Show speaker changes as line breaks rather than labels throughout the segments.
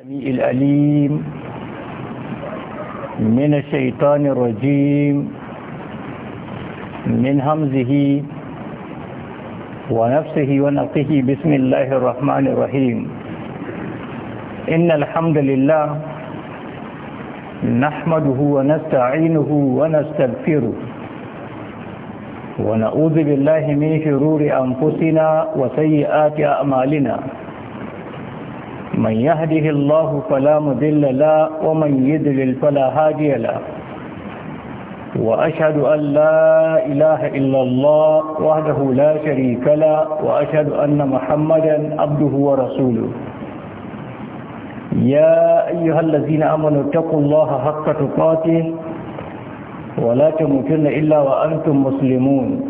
السميع الأليم من الشيطان الرجيم من همزه ونفسه ونقه بسم الله الرحمن الرحيم إن الحمد لله نحمده ونستعينه ونستغفره ونعوذ بالله من شرور أنفسنا وسيئات أعمالنا من يهده الله فلا مذل لا ومن يذلل فلا هادي لا وأشهد أن لا إله إلا الله وحده لا شريك لا وأشهد أن محمدا عبده ورسوله يا أيها الذين أمنوا اتقوا الله حق تقاته ولا تموتن إلا وأنتم مسلمون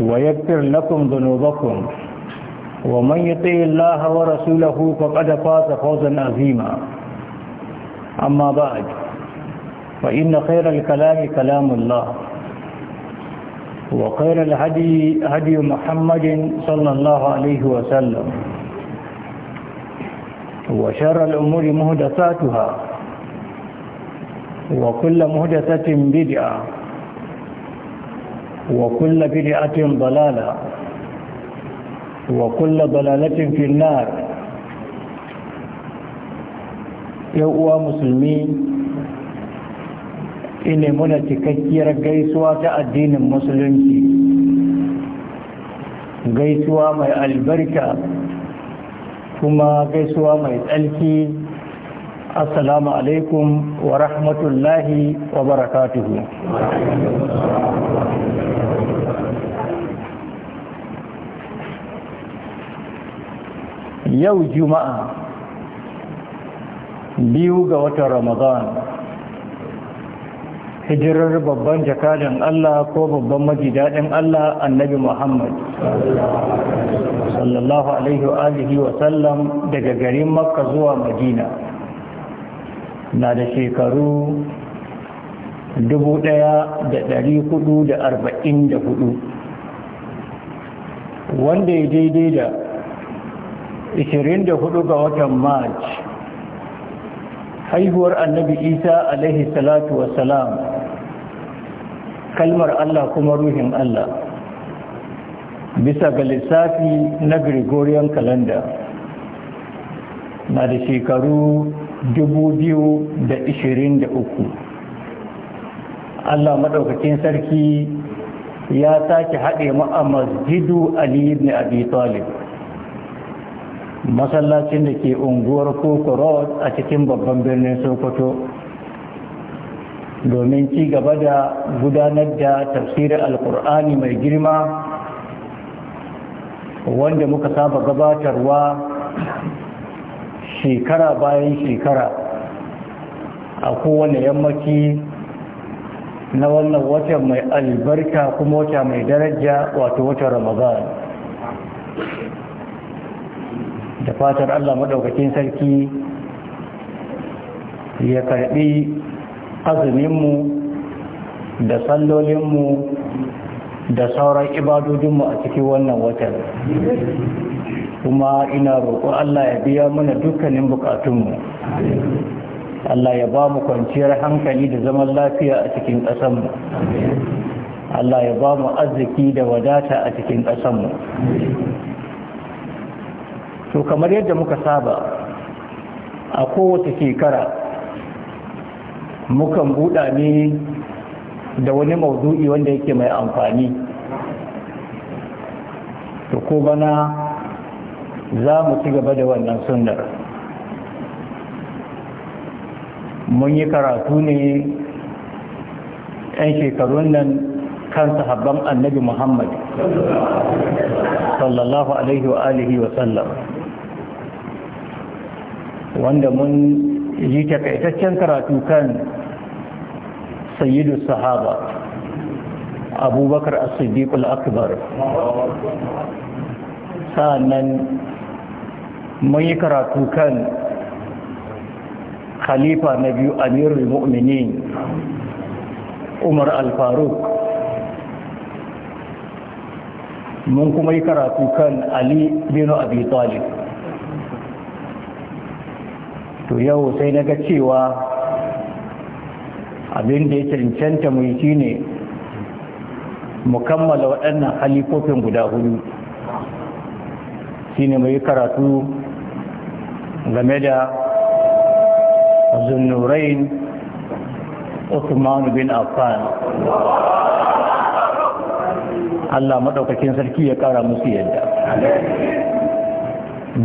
ويغفر لكم ذنوبكم ومن يطع الله ورسوله فقد فاز فوزا عظيما أما بعد فإن خير الكلام كلام الله وخير الهدي هدي محمد صلى الله عليه وسلم وشر الأمور مهدساتها وكل مهدسة بدعة وكل بدعة ضلالة وكل ضلالة في النار يقوى مسلمين إن من تكثير قيسوة الدين المسلم قيسوة مع البركة كما قيسوة مع الألكي assalamu alaikum wa rahmatullahi wa barakatuhu yau juma'a biyu ga watan ramadan hijirar babban jakadan Allah ko babban majidadin Allah annabi Muhammad sallallahu alaihi wa alihi wa sallam daga garin makka zuwa madina na da shekaru da da 1444 wanda ya daidai da 24 ga watan march haihuwar annabi isa alaihi salatu wasalam kalmar allah kuma ruhin allah bisa ga lissafi na gregorian calendar na da shekaru 2023 Allah madaukakin sarki ya sake haɗe mu a masjidu Ali ibn Abi Talib masallacin da ke unguwar Koko Road a cikin babban birnin Sokoto domin ci gaba da gudanar da tafsirin alkur'ani mai girma wanda muka saba gabatarwa shekara bayan shekara a kowane yammaci na wannan wata mai albarka kuma wata mai daraja wato wata ramadan da fatar allah maɗaukakin sarki ya karɓi azuminmu da sallolinmu da sauran ibadodinmu a cikin wannan watan kuma ina roƙo Allah ya biya mana dukkanin bukatunmu Allah ya ba mu kwanciyar hankali da zaman lafiya a cikin ƙasanmu Allah ya ba mu arziki da wadata a cikin ƙasanmu to kamar yadda muka saba a kowace shekara mukan buɗa ne da wani maudu'i wanda yake mai amfani to ko bana za mu ci gaba da wannan sunnar mun yi karatu ne 'yan shekarun nan kan sahabban annabi Muhammad sallallahu alaihi wa alihi wa sallam wanda mun yi takaitaccen karatu kan sayyidu sahaba abubakar as-siddiq al-akbar sa'annan mun yi karatu kan khalifa na biyu amirul mu'minin umar al-faruk mun kuma yi karatu kan ali bin abi talib to yau sai na ga cewa abin da ya cancanta mu yi shine mu kammala waɗannan halifofin guda hudu shine mu yi karatu game da zunurain Usman bin Affan Allah maɗaukacin sarki ya ƙara musu yadda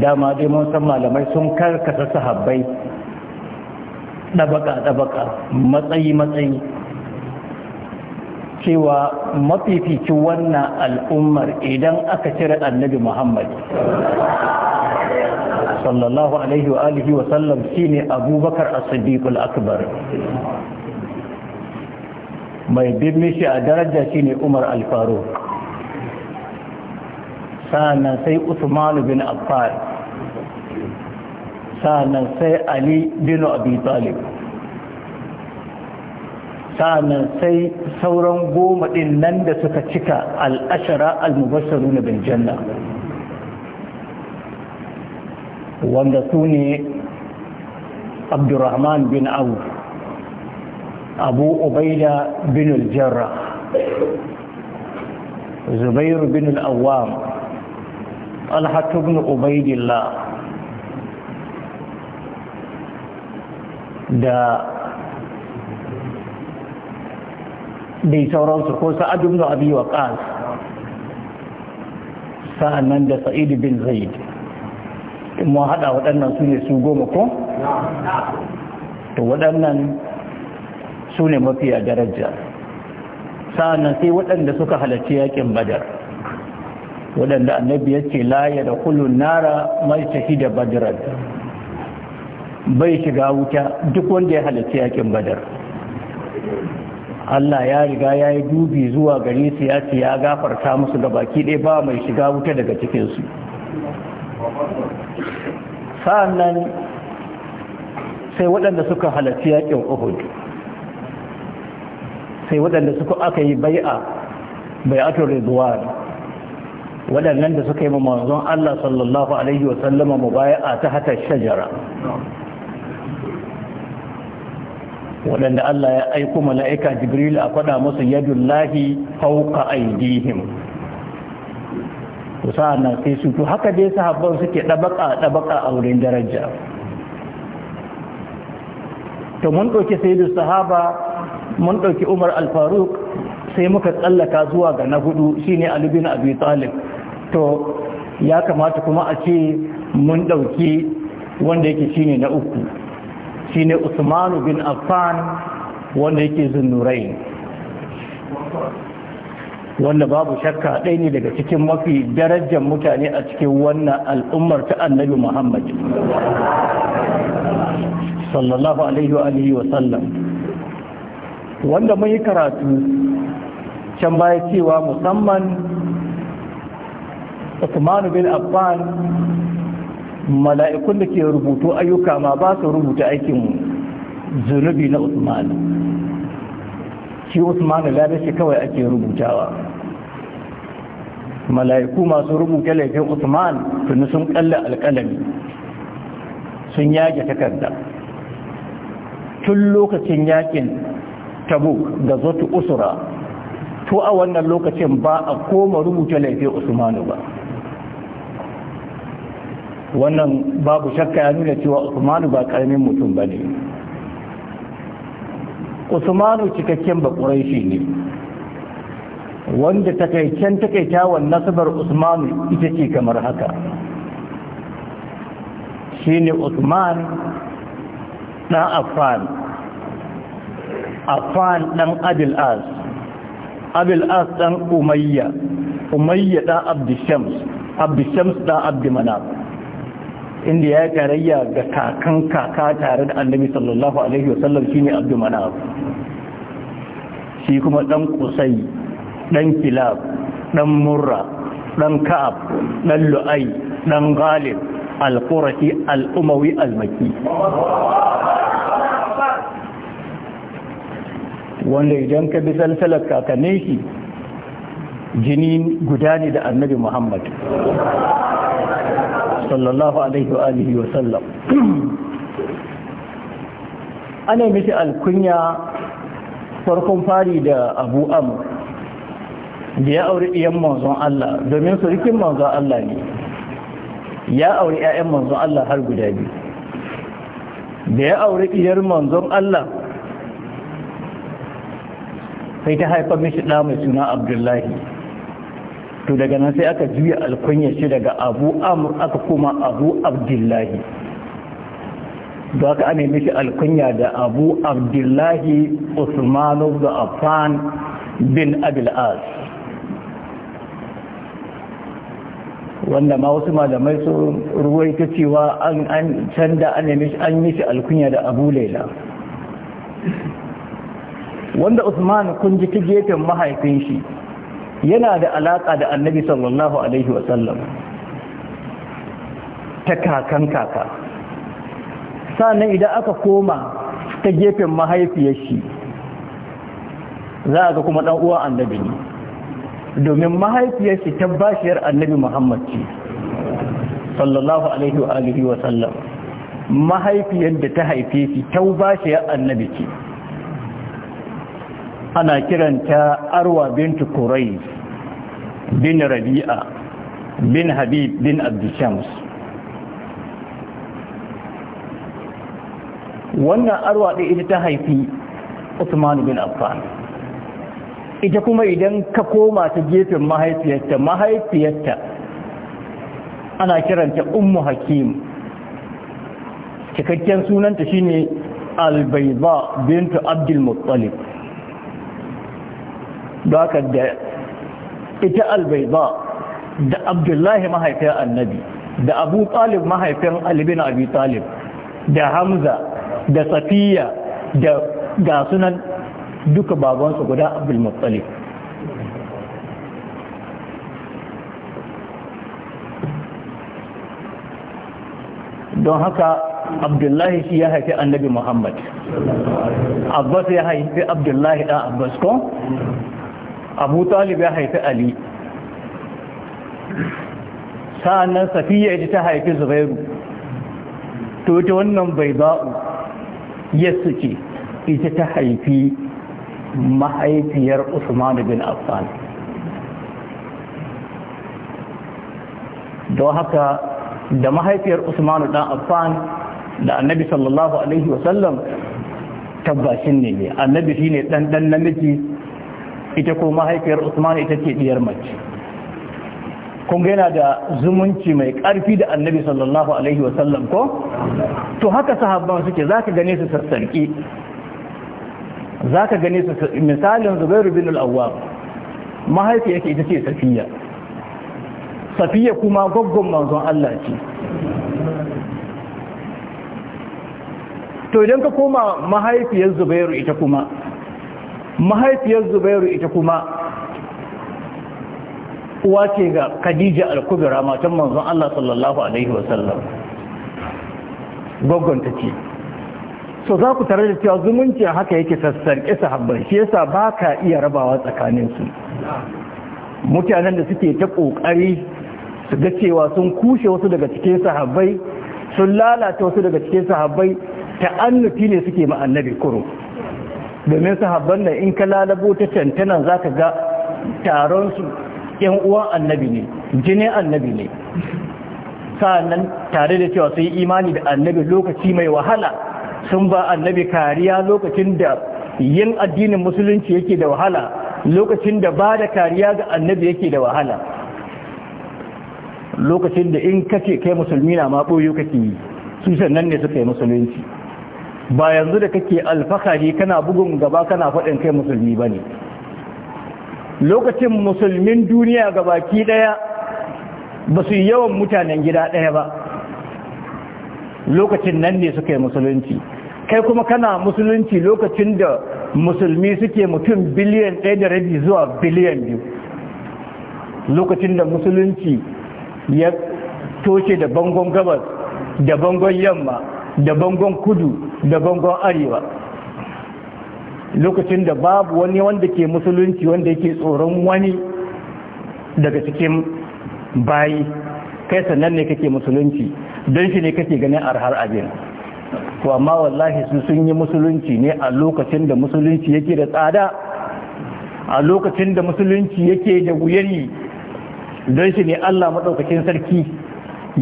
dama dai mun san malamai sun karkasa sahabbai ɗabaka-ɗabaka matsayi-matsayi cewa mafificin wannan al'ummar idan aka cire annabi Muhammad sallallahu alaihi wa alihi wa sallam shine abubakar as-siddiqul akbar mai bin mishi a daraja shine umar al-faruq sa'annan sai usman bin affan sa'annan sai ali bin abi talib sa'annan sai sauran goma din nan da suka cika al-ashara al-mubashsharuna bil janna wanda su ne abdurrahman bin awu abu ubaida bin aljarra zubair bin al'awam alhatu bin ubaidillah da dai sauransu ko sa'adu bin abi wa sa'annan da sa'id bin zaid in mun haɗa waɗannan su ne su goma ko? to waɗannan su ne mafiya daraja sa'annan sai waɗanda suka halarci yakin badar waɗanda annabi ya ce laye da kulun nara mai shahida badarar bai shiga wuta duk wanda ya halarci yakin badar Allah ya riga ya yi dubi zuwa gare su ya ce ya gafarta musu ga baki ɗaya ba mai shiga wuta daga cikinsu sa'annan sai waɗanda suka halarci yaƙin uhud sai waɗanda suka aka yi bai'a bai'atul ridwan waɗannan da suka yi ma manzon Allah sallallahu alaihi wa mubaya'a ta hata shajara waɗanda Allah ya aiko mala'ika Jibril a faɗa musu yadullahi fauka aidihim to sa'an nan sai su to haka dai sahabban suke dabaka dabaka a wurin daraja to mun ɗauki sayyidu sahaba mun ɗauki umar al-Faruq sai muka tsallaka zuwa ga na hudu shine ali bin abi talib to ya kamata kuma a ce mun ɗauki wanda yake shine na uku shine Usman bin affan wanda yake zunnurai wanda babu shakka ɗaya ne daga cikin mafi darajar mutane a cikin wannan al'ummar ta annabi muhammad sallallahu alaihi wa alihi wa sallam wanda mun yi karatu can baya cewa musamman Usman bin Affan mala'ikun da ke rubutu ayyuka ma ba su rubuta aikin zunubi na Usman shi usmanu shi kawai ake rubutawa mala'iku masu rubuta laifin usman tuni sun kalla alkalami sun yage takarda tun lokacin yakin tabuk da zotu usura to a wannan lokacin ba a koma rubuta laifin usmanu ba wannan babu shakka ya nuna cewa usmanu ba ƙaramin mutum ba ne usmanu cikakken ba quraishi ne wanda takaicen takaitawan nasabar usmanu ita ce kamar haka shine usman dan affan affan dan abil as abil as dan umayya umayya dan abdishams abdishams dan abdimanaf inda ya tarayya ga kakan kaka tare da annabi sallallahu alaihi wasallam shine abdu shi kuma dan kusai dan kilab dan murra dan ka'ab dan lu'ai dan ghalib al-qurashi al-umawi al-makki wanda idan ka bi salsalar kakannin shi jini guda ne da annabi muhammad sallallahu alaihi wa alihi wa sallam ana miki alkunya farkon fari da abu am da ya auri iyan manzon Allah domin surikin manzon Allah ne ya auri 'ya'yan manzon Allah har guda biyu da ya auri iyar manzon Allah sai ta haifar mishi ɗa mai suna abdullahi to daga nan sai aka juya alkunya shi daga abu amur aka koma abu abdullahi da aka ana mishi alkunya da abu abdullahi usmanu da afan bin abil'az wanda ma wasu malamai su ruwai ta cewa an canza an yi shi alkunya da abu laila wanda usman kun ji ta gefen mahaifin shi yana da alaƙa da annabi sallallahu alaihi wasallam ta kakan kaka sannan idan aka koma ta gefen mahaifiyar shi za a ga kuma ɗan'uwa annabi ne domin mahaifiyar shi ta bashiyar annabi muhammad ce sallallahu alaihi wa wasallam mahaifiyar da ta haife shi ta bashiyar annabi ce ana kiranta arwa bintu kurai bin rabi'a bin habib bin abdushams wannan arwa ɗin ita ta haifi usman bin affan ita kuma idan ka koma ta gefen mahaifiyarta mahaifiyarta ana kiranta ummu hakim cikakken sunanta shine albaiba bintu abdul muttalib baka da ita albaiba da abdullahi mahaifin annabi da abu talib mahaifin Albin abi talib da hamza da safiya da gasunan duka babansu guda abdulmuttalib don haka abdullahi shi ya haifi annabi muhammad abbas ya haifi abdullahi ɗan abbas ko abu talib ya haifi ali sa'annan safiya ita ta haifi zubairu to ita wannan bai ba'u yasu ce ita ta haifi mahaifiyar usman bin affan don haka da mahaifiyar usman dan affan da annabi sallallahu alaihi wasallam tabbashin ne ne annabi shine ne ɗanɗan namiji ita ko mahaifiyar usman ita ce diyar mace kun yana da zumunci mai ƙarfi da annabi sallallahu alaihi wasallam ko to haka sahabban suke za ka gane su sassarki za ka gane su misalin zubairu bin al'awwam mahaifi yake ita ce safiya safiya kuma gwaggon manzon Allah ce to idan ka koma mahaifiyar zubairu ita kuma mahaifiyar zubairu ita kuma uwa ce ga khadija al-kubra matan manzon Allah sallallahu alaihi wasallam gwaggwanta ce so za ku tare da cewa zumunci haka yake sassarƙe sahabbai shi yasa ba ka iya rabawa tsakaninsu mutanen da suke ta ƙoƙari su ga cewa sun kushe wasu daga cikin sahabbai sun lalata wasu daga cikin sahabbai ta ta'annufi ne suke ma kuro domin sahabban nan in ka lalabo ta tantana za ka ga taronsu ƴan uwan annabi ne jinin annabi ne sa'annan tare da cewa sun yi imani da annabi lokaci mai wahala sun ba annabi kariya lokacin da yin addinin musulunci yake da wahala lokacin da ba da kariya ga annabi yake da wahala lokacin da in kace kai musulmi na maɓoyo kake yi su sannan ne suka yi musulunci ba yanzu da kake alfahari kana bugun gaba kana faɗin kai musulmi ba ne lokacin musulmin duniya ga baki ɗaya ba su yi yawan mutanen gida ɗaya ba lokacin nan ne suka musulunci kai kuma kana musulunci lokacin da musulmi suke mutum biliyan ɗaya da rabi zuwa biliyan biyu lokacin da musulunci ya toshe da bangon gabas da bangon yamma da bangon kudu da bangon arewa lokacin da babu wani wanda ke musulunci wanda yake tsoron wani daga cikin bayi kai sannan ne kake musulunci don shi ne kake ganin arhar abin to amma wallahi su sun yi musulunci ne a lokacin da musulunci yake da tsada a lokacin da musulunci yake da wuyari don shi ne allah maɗaukakin sarki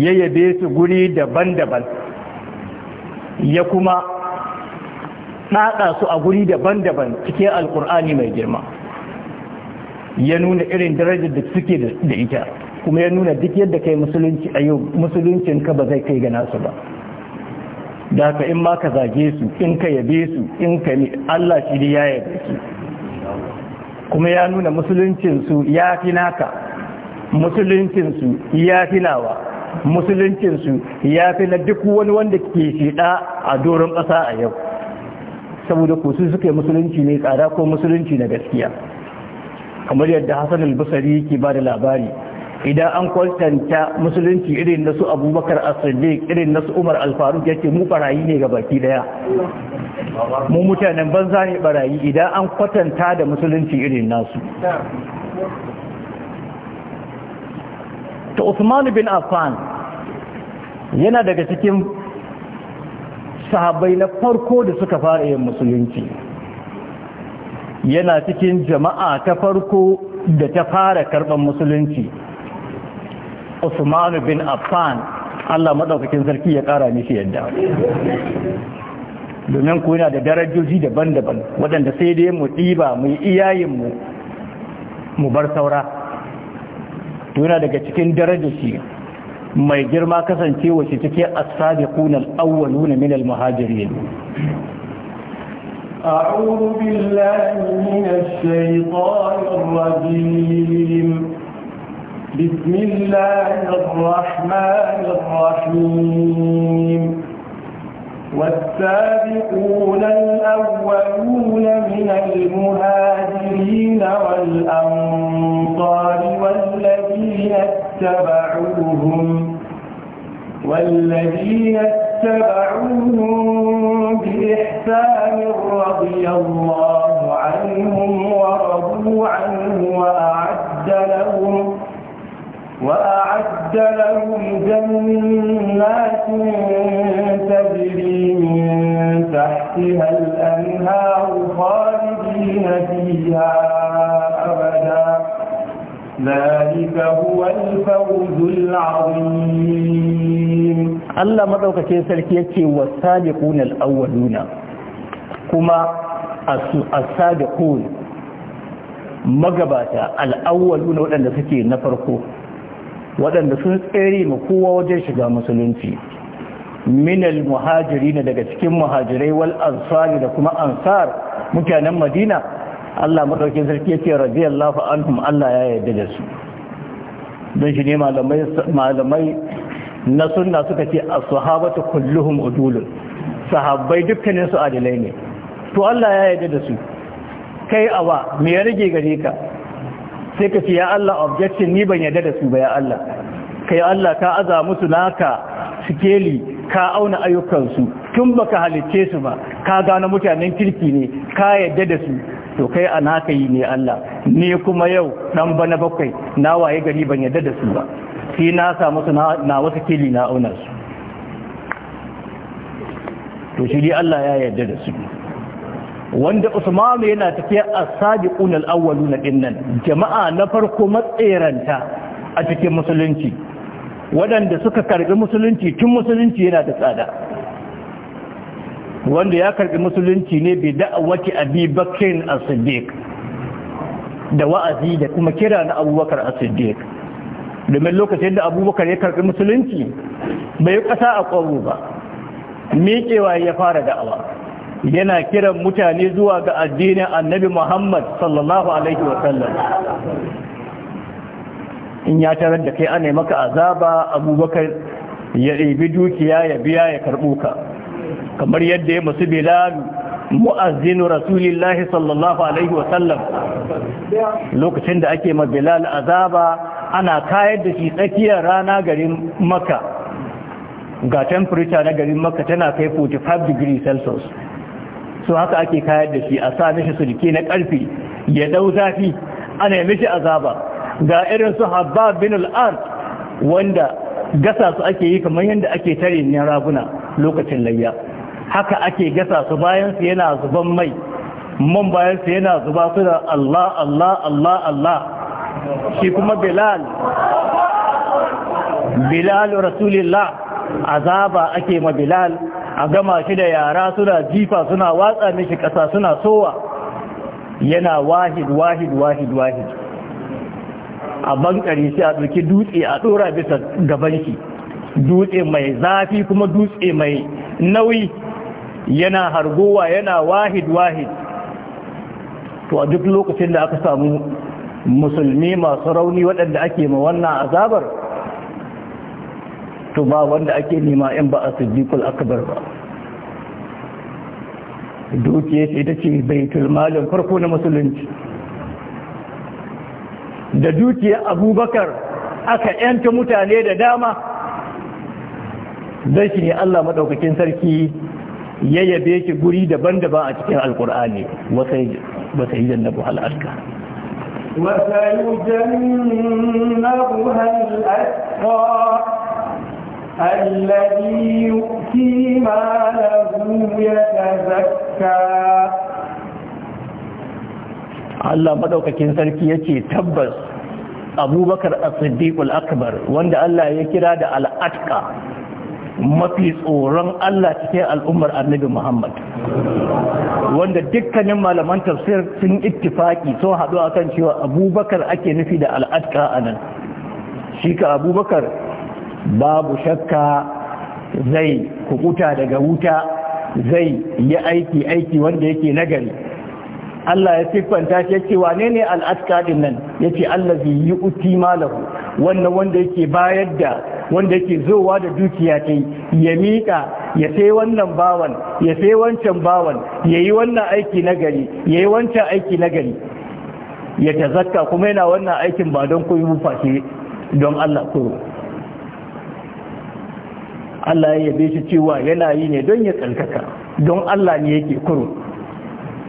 ya yabe su guri daban-daban ya kuma ɗaɗa su a guri daban-daban cikin alkur'ani mai girma ya nuna irin darajar da suke da ita kuma ya nuna duk yadda kai musulunci a yau musuluncin ka ba zai kai ga nasu ba da ka in ma ka zage su in ka yabe su in ka ne Allah shi ya yabe su kuma ya nuna musuluncin su ya fi naka musuluncin ya fi nawa musuluncinsu ya fi na duk wani wanda ke shida a doron ƙasa a yau saboda ko su suke musulunci ne tsada ko musulunci na gaskiya kamar yadda hassan albasari yake ba da labari idan an kwantanta musulunci irin na su abubakar asiddiq irin na su umar al ya yake mu barayi ne ga baki daya mu mutanen banza ne barayi idan an kwatanta da musulunci irin nasu ta Usman bin Affan yana daga cikin sahabbai na farko da suka fara yin musulunci yana cikin jama'a ta farko da ta fara karban musulunci Usman bin Affan Allah madaukakin sarki ya kara mishi yadda domin ku yana da darajoji daban-daban waɗanda sai dai mu ɗiba mu yi iyayenmu mu bar saura yana daga cikin darajarci mai girma kasance wace take asabi kunan awwaluna min almuhajirin
a'udhu billahi minash shaitanir rajim bismillahir rahmanir rahim والسابقون الأولون من المهاجرين والأنصار والذين اتبعوهم والذين اتبعوهم بإحسان رضي الله عنهم ورضوا عنه وأعد لهم وأعد لهم جنات تحتها الأنهار خالدين فيها أبدا ذلك هو الفوز
العظيم الله مدوكتين سلكيتي والسابقون الأولون كما السابقون magabata al'awwalu na waɗanda suke na farko waɗanda sun tsere ma kowa wajen shiga musulunci minal muhajirina daga cikin muhajirai wal ansari da kuma ansar mutanen madina Allah madaukin sarki yace radiyallahu anhum Allah ya yarda da su don shi ne malamai malamai na sunna suka ce a sahabatu kulluhum udulun sahabbai dukkanin su adilai ne to Allah ya yarda da su kai awa me ya rage gare ka sai ka ce ya Allah objection ni ban yarda da su ba ya Allah kai Allah ka aza musu naka sikeli ka auna ayyukansu tun baka halicce su ba ka gano mutanen kirki ne ka yadda da su to kai an haka yi ne Allah ni kuma yau dan bana bakwai na waye gari ban yadda da su ba sai na samu su na wasu kili na auna su to shi Allah ya yadda da su wanda Usman yana tafiya as-sabiqun al-awwalun dinnan jama'a na farko matsayranta a cikin musulunci waɗanda suka karbi musulunci tun musulunci yana da tsada wanda ya karɓi musulunci ne bi da'awati abi bakin as-siddiq da wa'azi da kuma kira na abubakar as-siddiq domin lokacin da abubakar ya karɓi musulunci bai ƙasa a ƙwaro ba miƙewa ya fara da'awa yana kiran mutane zuwa ga addinin annabi muhammad sallallahu alaihi wasallam in ya tarar da kai ana maka azaba abubakar ya ibi dukiya ya biya ya karɓo ka kamar yadda ya masu bilalu mu'azzinu rasulillahi sallallahu alaihi wasallam lokacin da ake ma bilal azaba ana kayar da shi tsakiyar rana garin maka ga temperature na garin maka tana kai 45 degree celsius so haka ake kayar da shi a sa mishi sulke na ƙarfi ya dau zafi ana mishi azaba ga irin su habba bin Art wanda gasa su ake yi kamar yadda ake tare ne raguna lokacin layya haka ake gasa su bayan su yana zuban mai man bayan su yana zuba su da Allah Allah Allah Allah shi kuma Bilal Bilal Rasulullah azaba ake ma Bilal a gama shi da yara suna jifa suna watsa mishi ƙasa suna sowa yana wahid wahid wahid wahid a bankare sai a ɗauki dutse a ɗora bisa gaban shi dutse mai zafi kuma dutse mai nauyi yana hargowa yana wahid wahid to a duk lokacin da aka samu musulmi masu rauni waɗanda ake ma wannan azabar to ba wanda ake nema in ba a sujjikul akabar ba Dutse sai ta ce baitul malin farko na musulunci da dukiyar abubakar aka yanta mutane da dama zai shi ne Allah maɗaukakin sarki ya yabe ki guri daban-daban a cikin alkur'ani wata yi jannabu hal'arka
الذي يؤتي ما له
Allah madaukakin sarki yace tabbas abubakar as-siddiq al-akbar wanda Allah ya kira da al mafi tsoron Allah cikin al'ummar annabi Muhammad wanda dukkanin malaman tafsir sun ittifaki sun haɗu akan cewa abubakar ake nufi da al'adka a nan shi ka abubakar babu shakka zai kukuta daga wuta zai yi aiki aiki wanda yake nagari Allah ya siffanta shi yace wane ne al'aska din nan yace allazi yu'ti malahu wannan wanda yake bayar da wanda yake zowa da dukiya ta ya miƙa ya sai wannan bawan ya sai wancan bawan ya yi wannan aiki na gari ya yi wancan aiki na gari ya tazakka kuma yana wannan aikin ba don koyi mufashe don Allah kuro Allah ya yabe shi cewa yana yi ne don ya tsarkaka don Allah ne yake kuro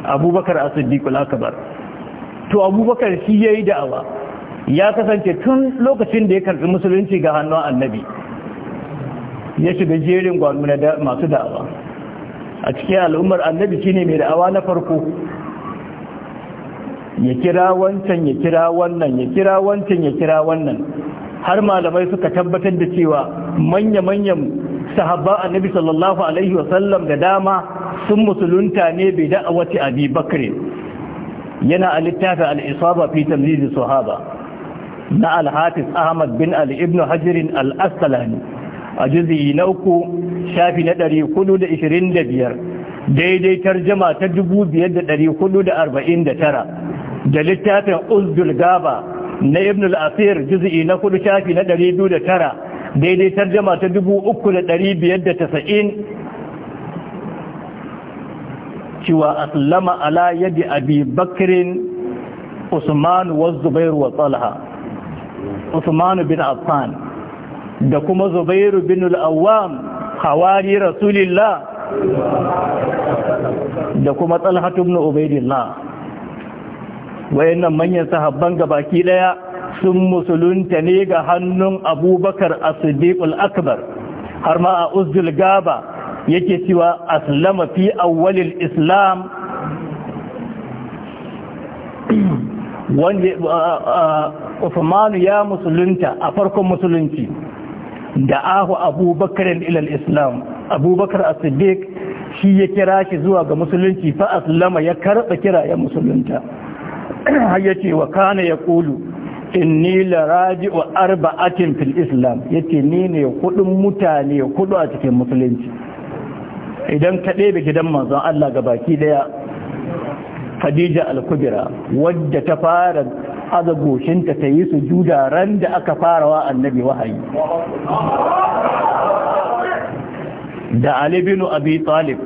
abubakar asiddiqul akbar to abubakar shi ya yi da'awa ya kasance tun lokacin da ya karbi musulunci ga hannun annabi ya shiga jerin gwanuna da masu da'awa a cikin al'ummar annabi shine mai da'awa na farko ya kira wancan ya kira wannan ya kira wancan ya kira wannan har malamai suka tabbatar da cewa manya-manyan sahabba annabi sallallahu alaihi wasallam da dama sun musulunta ne bi da'awati abi bakr yana a littafin al-isaba fi tamyiz sahaba na alhatis ahmad bin ali ibn hajr al-asqalani a juz'i na uku shafi na 425 daidai tarjuma ta 2449 da littafin uzdul gaba na ibn al-asir juz'i na 4 shafi na 209 daidai tarjama ta dubu uku da ɗari biyar da tasa'in cewa aslama ala yadi abi bakirin usmanu wa zubairu wa talha usmanu bin affan da kuma Zubairu bin al’awam hawari rasulillah da kuma talha ibn ubaidillah wayannan manyan sahabban gabaki daya sun musulunta ne ga hannun abubakar as sadiqul akbar har ma a uzul gaba yake cewa aslama fi awwalil islam wanda uh, uh, Uthman ya musulunta a farkon musulunci da ahu abubakar ilal islam abubakar as-siddiq shi ya kira shi zuwa ga musulunci fa aslama ya karba kira ya musulunta har yace wa kana yaqulu inni laraji wa arba'atin fil islam yace ni ne kudin mutane kudu a cikin musulunci idan ka ɗebe gidan manzon Allah ga baki daya Khadija al-Kubra wadda ta fara azagoshinta ta yi sujuda ran da aka wa annabi wahayi da Ali bin Abi Talib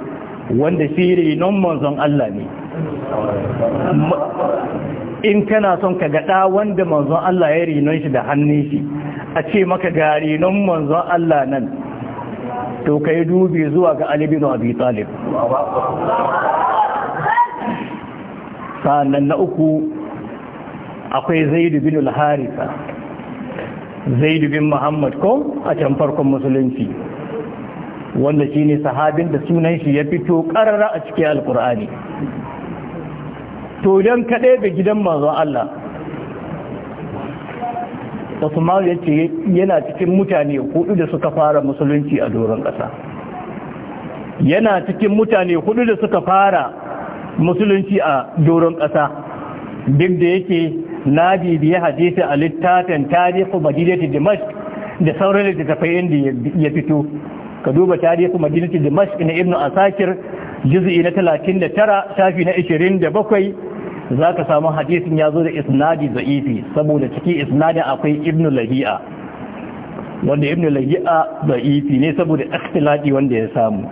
wanda shi non manzon Allah ne in kana son ka gaɗa wanda manzon Allah ya rinon shi da hannun shi a ce maka ga rinon manzon Allah nan to ka dubi zuwa ga alibinu abi talib sa'annan na uku akwai zaidu bin al-harisa zaidu bin muhammad ko a can farkon musulunci wanda shine sahabin da sunan shi ya fito ƙarara a cikin alkur'ani to don ka ɗaya gidan manzon Allah Usman ya ce yana cikin mutane hudu da suka fara musulunci a doron ƙasa yana cikin mutane hudu da suka fara musulunci a doron ƙasa duk da yake na bibiya hadisi a littafin tarihi madinati dimash da sauran littattafai inda ya fito ka duba tarihi madinati dimash na ibnu asakir juz'i na 39 shafi na 27 za ka samu hadisin ya zo da isnadi za'ifi saboda ciki isnadin akwai ibn lahi'a wanda ibn lahi'a za'ifi ne saboda ikhtilati wanda ya samu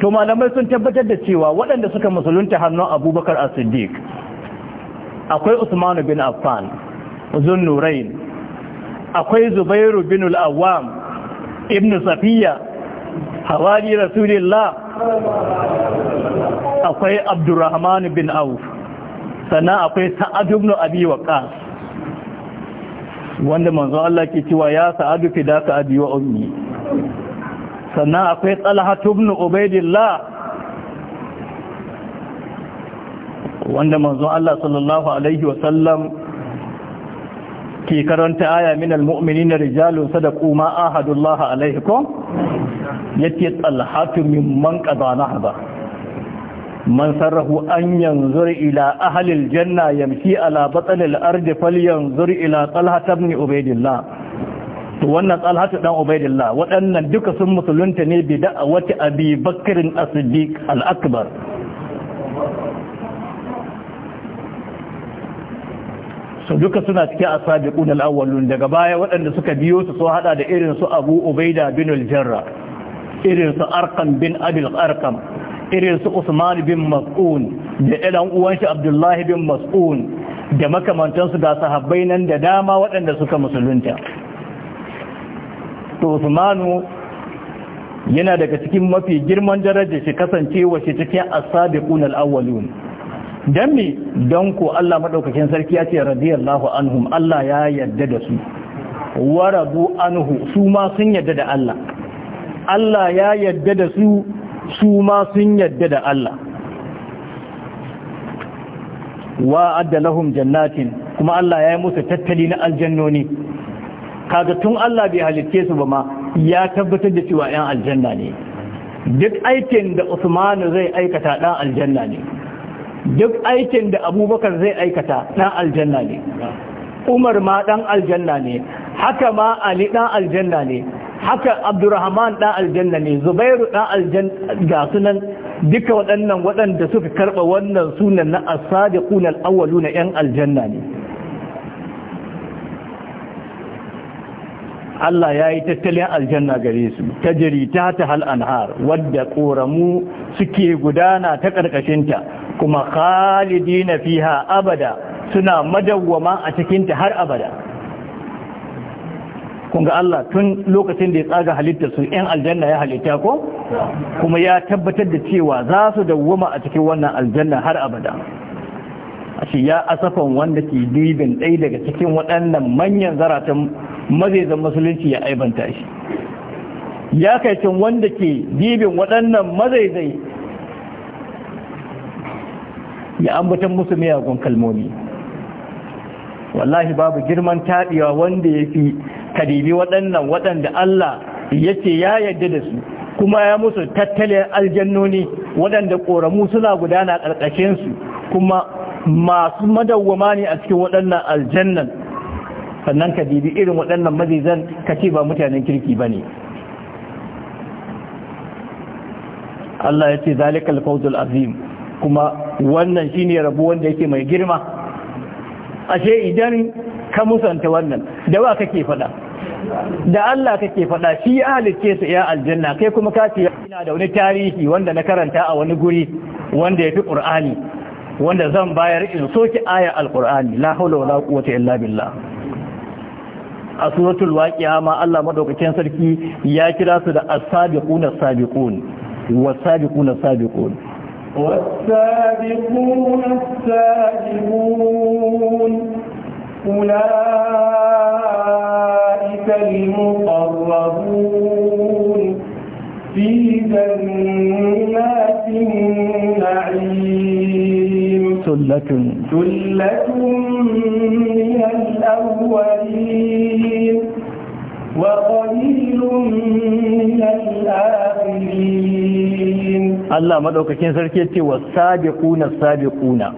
to malamai sun tabbatar da cewa waɗanda suka musulunta hannun abubakar as-siddiq akwai usman bin affan nurain akwai zubairu bin al-awwam ibn safiya hawari rasulillah akwai abdurrahman bin auf sannan akwai sa'ad ibn abi waqas wanda manzo Allah ke cewa ya sa'adu fidaka abi wa ummi sannan akwai talha ibn ubaidillah wanda manzo Allah sallallahu alaihi wa sallam ke karanta aya min almu'minina rijalun sadaqu ma ahadullah alaihi ko yace min man qada nahba man sarahu an yanzur ila ahli aljanna yamshi ala batal alard fal yanzur ila talhata ibn ubaydillah to wannan talhatu dan ubaydillah wadannan duka sun musulunta ne bi da'awati abi bakr as-siddiq al-akbar su duka suna cikin asabiqun al-awwalun daga baya waɗanda suka biyo su so hada da irin su Abu Ubaida bin al-Jarrah Irinsu Arkam bin abil Arkam, irinsu usman bin mas'un da ɗan uwanshi abdullahi bin mas'un da makamantansu ga sahabbai nan da dama waɗanda suka musulunta to usmanu yana daga cikin mafi girman daraja shi kasancewa shi cikin as-sabiqun al-awwalun dan me dan ko Allah madaukakin sarki ya ce radiyallahu anhum Allah ya yarda da su warabu anhu su ma sun yarda da Allah Allah ya yadda da su su ma sun yadda da Allah wa adda lahum jannatin kuma Allah ya yi musu tattali na aljannoni kaga tun Allah bai halitte su ba ma ya tabbatar da cewa 'yan aljanna ne duk aikin da Usmanu zai aikata ɗan aljanna ne duk aikin da abubakar zai aikata ɗan aljanna ne umar ma ɗan aljanna ne haka ma ali ɗan aljanna ne haka abdurrahman ɗan aljanna ne zubairu ɗan aljanna ga sunan duka waɗannan waɗanda suka karɓa wannan sunan na asadi al-awwalu na yan aljanna ne Allah ya yi tattalin aljanna gare su ta jiri ta ta hal anhar wadda ƙoramu suke gudana ta ƙarƙashinta kuma khalidina fiha abada suna madawwama a cikinta har abada kun ga Allah tun lokacin da ya tsaga halitta su yan aljanna ya halitta ko kuma ya tabbatar da cewa za su dawwama a cikin wannan aljanna har abada ashe ya asafan wanda ke dibin ɗaya daga cikin waɗannan manyan zaratan mazaizan musulunci ya aibanta shi ya kai can wanda ke dibin waɗannan mazaizai ya ambatan musu miyagun kalmomi wallahi babu girman taɗewa wanda ya fi ka dibi waɗannan waɗanda Allah ya ce ya yarda da su kuma ya musu tattalin aljannoni waɗanda ƙoramu suna gudana ƙarƙashin kuma masu madawwama ne a cikin waɗannan aljannan sannan ka dibi irin waɗannan mazizan ka ce ba mutanen kirki ba ne Allah ya ce zalikal fawzul azim kuma wannan shine rabo wanda yake mai girma ashe idan ka musanta wannan da wa kake faɗa da Allah kake faɗa shi ya halicce su ya aljanna kai kuma ka ce ina da wani tarihi wanda na karanta a wani guri wanda yafi Al-ƙur'ani, wanda zan bayar in soki aya alƙur'ani la hawla wala quwwata illa billah a suratul waqi'a ma Allah madaukakin sarki ya kira su da as-sabiquna as-sabiqun was-sabiquna as-sabiqun
was-sabiquna as-sabiqun أولئك المقربون في جنات النعيم
ثلة ثلة
من الأولين وقليل من الآخرين
الله مدعوك كين سركيتي والسابقون السابقون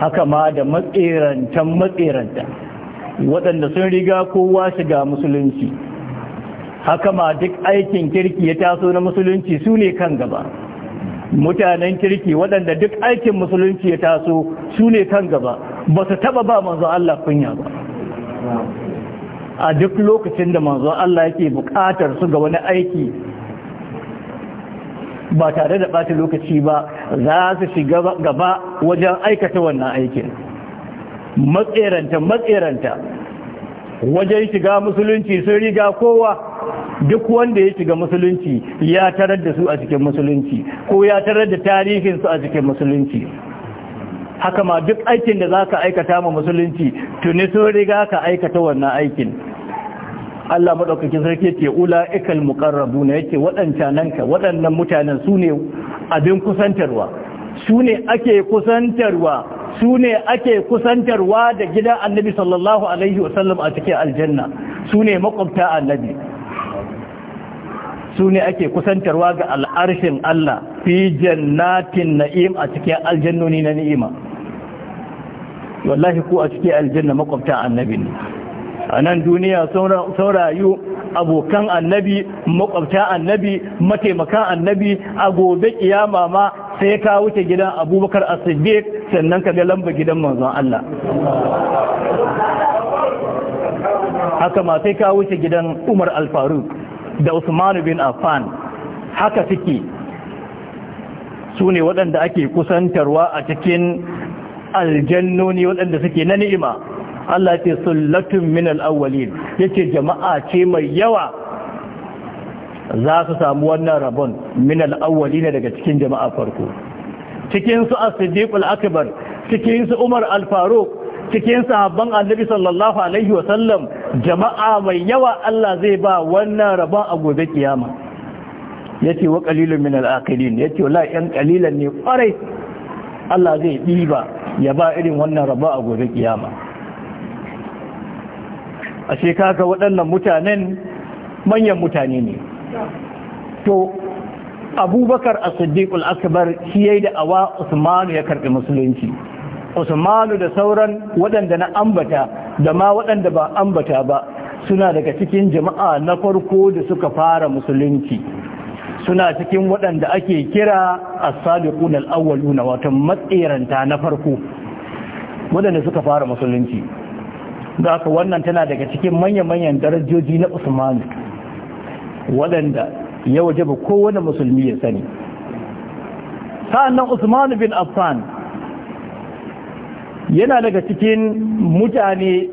haka ma da matserantan matsiranta waɗanda sun riga kowa shiga musulunci haka ma duk aikin kirki ya taso na musulunci su ne kan gaba mutanen kirki waɗanda duk aikin musulunci ya taso su ne kan gaba ba su taɓa ba manzo Allah kunya ba a duk lokacin da manzo Allah yake buƙatar su ga wani aiki ba tare da ɓata lokaci ba za su shiga gaba wajen aikata wannan aikin matseranta matseranta wajen shiga musulunci sun riga kowa duk wanda ya shiga musulunci ya tarar da su a cikin musulunci ko ya tarar da tarihin su a cikin musulunci haka ma duk aikin da za ka aikata ma musulunci tuni sun riga ka aikata wannan aikin Allah madaukakin sarki yake muƙarrabu na yake waɗannan ka waɗannan mutanen su ne abin kusantarwa su ne ake kusantarwa su ne ake kusantarwa da gidan annabi sallallahu alaihi wasallam a cikin aljanna su ne makwabta annabi su ne ake kusantarwa ga al'arshin Allah fi jannatin na'im a cikin aljannoni na ni'ima wallahi ko a cikin aljanna makwabta annabi ne a nan duniya sun rayu abokan annabi makwabta annabi mataimakan annabi a gobe kiyama ma sai ka wuce gidan abubakar as sannan ka ga lamba gidan manzon Allah haka ma sai ka wuce gidan Umar al da Usman bin Affan haka suke su ne waɗanda ake kusantarwa a cikin aljannoni waɗanda suke na ni'ima Allah ce sullatun min al-awwalin yace jama'a ce mai yawa za su samu wannan rabon min al-awwalin daga cikin jama'a farko cikin su as-siddiq al-akbar cikin su Umar al-Faruq cikin sahabban Annabi sallallahu alaihi wa sallam jama'a mai yawa Allah zai ba wannan rabon a gobe kiyama yace wa qalilun min al-aqilin yace wala yan qalilan ne kwarai Allah zai ɗiba ya ba irin wannan rabon a gobe kiyama a shekaka waɗannan mutanen manyan mutane ne to abubakar a siddiƙul akbar shi ya yi da awa usmanu ya karɓi musulunci usmanu da sauran waɗanda na ambata da ma waɗanda ba ambata ba suna daga cikin jama'a na farko da suka fara musulunci suna cikin waɗanda ake kira a sadiƙunan al-awwaluna wato matsiranta na farko waɗanda suka fara musulunci da ka wannan tana daga cikin manya-manyan darajoji na usmanu waɗanda ya waje ba kowane musulmi ya sani sa'annan Usman bin affan yana daga cikin mutane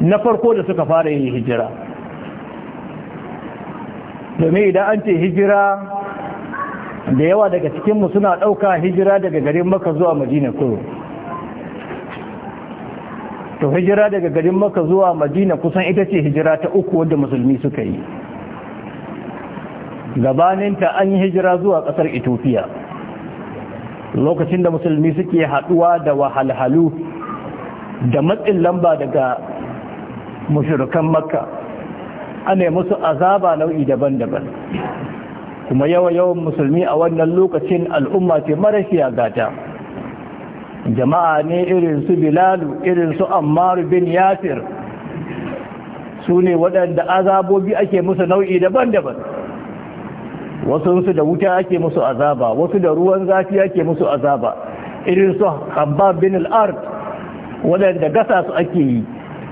na farko da suka fara yin hijira domin idan an ce hijira da yawa daga cikinmu suna ɗauka hijira daga garin maka zuwa madina kuro to hijira daga garin Makka zuwa madina kusan ita ce hijira ta uku wadda musulmi suka yi gabaninta an yi hijira zuwa kasar ethiopia lokacin da musulmi suke haduwa da wahalhalu da matsin lamba daga mushrikan makka ana yi musu azaba nau'i daban-daban kuma yawa-yawan musulmi a wannan lokacin al'umma ce marashiya gata jama'a ne irin su bilalu irin su ammaru bin yasir su ne waɗanda azabobi ake musu nau'i daban-daban Wasu da wuta ake musu azaba wasu da ruwan zafi ake musu azaba irin su habbab bin al'ard waɗanda gasa su ake yi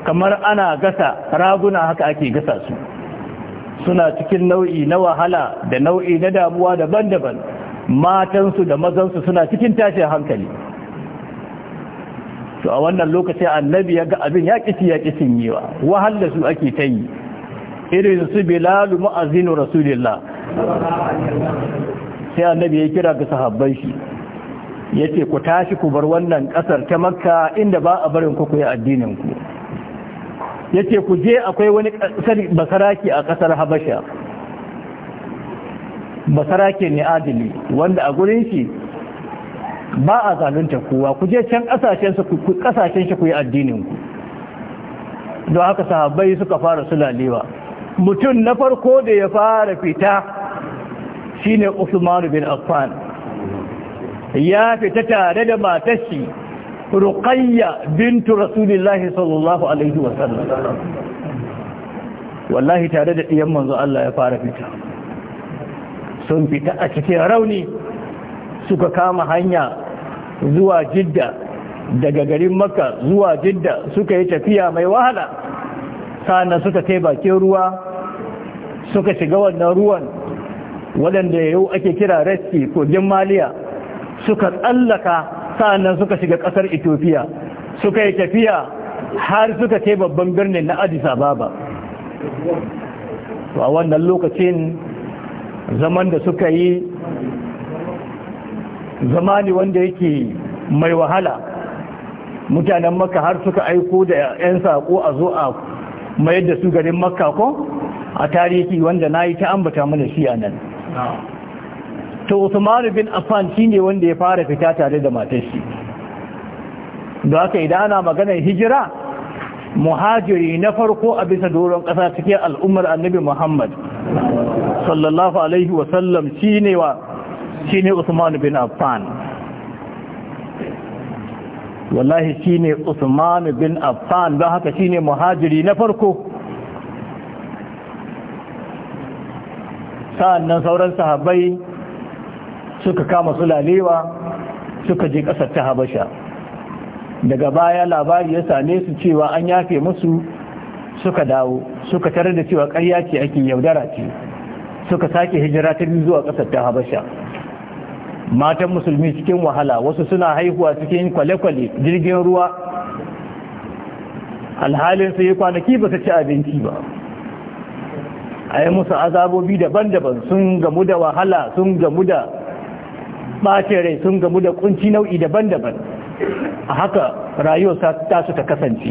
kamar ana gasa raguna haka ake gasa su suna cikin nau'i na wahala da nau'i na damuwa daban-daban matansu da mazansu suna cikin tashin hankali to a wannan lokacin annabi ya ga abin ya kici ya kisin yiwa wahal da su ake ta yi irin su bilalu mu'azinu rasulillah sai annabi ya kira ga sahabban shi ya ku tashi ku bar wannan kasar ta makka inda ba a barin ku ku yi addinin ku yace ku je akwai wani basaraki a kasar habasha basaraki ne adili wanda a gurin shi ba a zalunta kowa ku je can kasashen shi ku yi addinin ku don haka sahabbai suka fara sulalewa mutum na farko da ya fara fita shine Usman bin Affan ya fita tare da matashi Ruqayya bintu Rasulillahi sallallahu alaihi sallam wallahi tare da ɗiyan manzo Allah ya fara fita sun fita a cikin rauni suka kama hanya zuwa jidda daga garin makka zuwa jidda suka yi tafiya mai wahala sannan suka kai bakin ruwa suka shiga wannan ruwan waɗanda yau ake kira reski kogin maliya suka tsallaka sannan suka shiga ƙasar ethiopia suka yi tafiya har suka kai babban birnin na addis ababa a wannan lokacin zaman da suka yi Zamani ne wanda yake mai wahala mutanen makka har suka aiko da 'yan saƙo a zo a mayar da su garin makka ko a tarihi wanda na yi ta ambata mana shi a nan to usman bin affan shine wanda ya fara fita tare da matar shi da haka idan ana maganar hijira muhajiri na farko a bisa doron ƙasa cikin al'ummar annabi muhammad sallallahu alaihi wasallam shine wa Shi ne Usman bin Affan wallahi shi ne Usman bin Affan don haka shi ne muhajiri na farko nan sauran sahabai suka kama sulalewa suka je ƙasar ta Habasha daga baya labari ya same su cewa an yafe musu suka dawo suka tarar da cewa ƙarya ce ake yaudara ce suka sake hijira ta biyu zuwa ƙasar ta Habasha matan musulmi cikin wahala wasu suna haihuwa cikin kwale-kwale jirgin ruwa alhalin sai kwanaki ba su ci abinci ba a yi musu azabobi daban-daban sun gamu da wahala sun gamu da ɓacin rai sun gamu da ƙunci nau'i daban-daban a haka rayuwar tasu ta kasance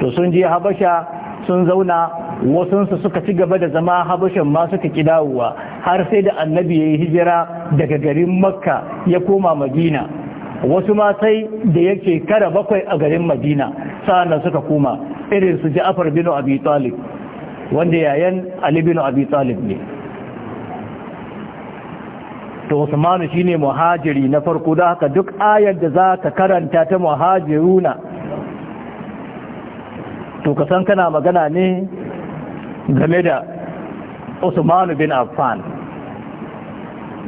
to sun je habasha sun zauna wasunsu suka ci gaba da zama habashin ma suka kidawowa har sai da annabi ya yi hijira daga garin makka ya koma madina wasu ma sai da yake kara bakwai a garin madina sa'annan suka koma irin su ja'afar bin abi talib wanda yayan ali bin abi talib ne to usmanu shine muhajiri na farko da haka duk ayar da za ka karanta ta muhajiruna to ka san kana magana ne game da usmanu bin affan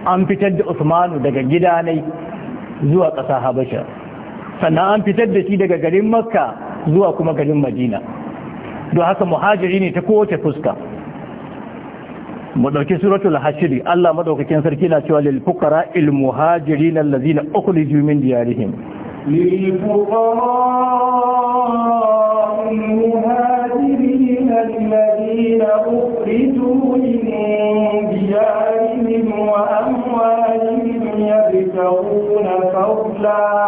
an fitar da usmanu daga gidanai zuwa ƙasa habasha sannan an fitar da shi daga garin makka zuwa kuma garin madina don haka muhajiri ne ta kowace fuska mu dauki suratul hashiri Allah madaukakin sarki na cewa lil fuqara il muhajirin allazina ukhriju min diyarihim
للفقراء المهاجرين الذين أخرجوا من ديارهم وأموالهم يبتغون فضلا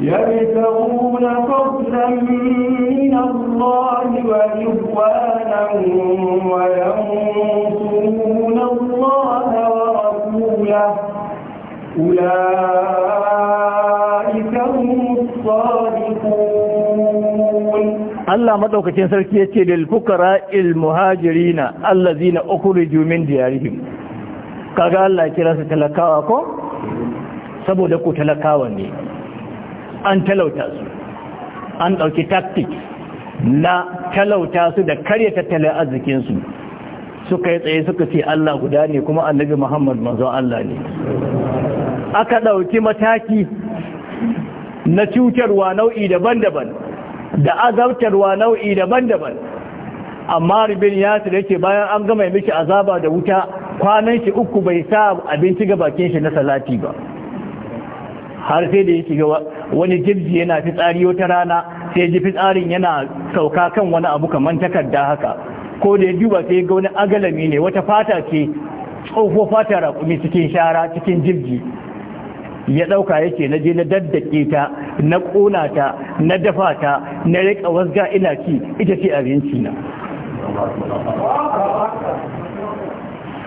يبتغون فضلا من الله ورضوانا وينصرون الله ورسوله أولئك
Allah maɗaukacin sarki ya ce lilfukara ilmuhajirina allazi na ukuri jumin diyarihim kaga Allah kira su talakawa ko? saboda ku talakawa ne an talauta su an ɗauki taktik na talauta su da karya tattalin arzikinsu suka tsaye suka ce Allah guda ne kuma annabi Muhammad manzo Allah ne aka ɗauki mataki na cutarwa nau'i daban-daban da azabtarwa nau'i daban-daban amma ribin ya su yake bayan an gama mishi azaba da wuta kwanan shi uku bai sa abinci ga bakin shi na salati ba har sai da ya shiga wani jirgi yana fitsari wata rana sai ji fitsarin yana sauka kan wani abu kamar takarda haka ko da ya duba sai ga wani agalami ne wata fata ce tsoho fata raƙumi cikin shara cikin jirgi ya ɗauka yake na je na daddake ta na ƙona ta na dafa ta na riƙa wasga ina ci ita ce abinci na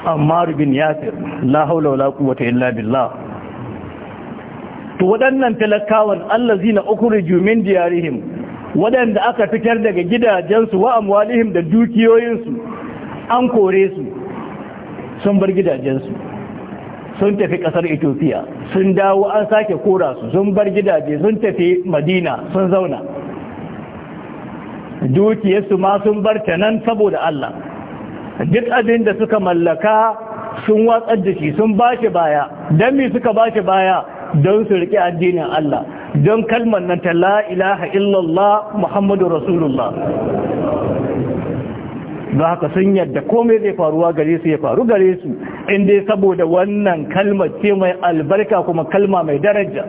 amma rubin yasir la haula wala quwwata illa billah to waɗannan talakawan zina ukhriju min diyarihim waɗanda aka fitar daga gidajensu wa amwalihim da dukiyoyinsu an kore su sun bar gidajensu sun tafi kasar ethiopia sun dawo an sake kora su sun bar gidaje sun tafi madina sun zauna dukiyarsu ma sun bar ta nan saboda allah duk abin da suka mallaka sun watsar da shi sun ba shi baya don me suka ba shi baya don su riƙe addinin allah don kalmar nan ta la ilaha illallah muhammadu rasulullah Za haka sun yadda komai zai faruwa gare su ya faru gare su inda saboda wannan kalmar ce mai albarka kuma kalma mai daraja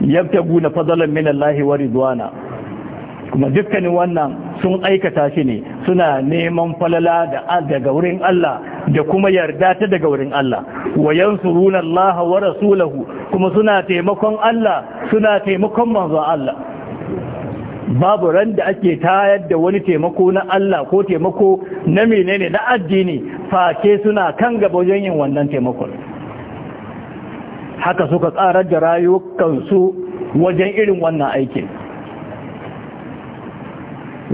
yabtagu na fadalan min Allah wa ridwana kuma dukkanin wannan sun aikata shi ne suna neman falala da daga wurin Allah da kuma yarda ta daga wurin Allah wa wa rasulahu kuma suna taimakon Allah suna taimakon manzon Allah babu ran da ake tayar da wani taimako na Allah ko taimako na menene na addini fake suna kan gaba wajen yin wannan taimakon haka suka tsara da rayukansu wajen irin wannan aikin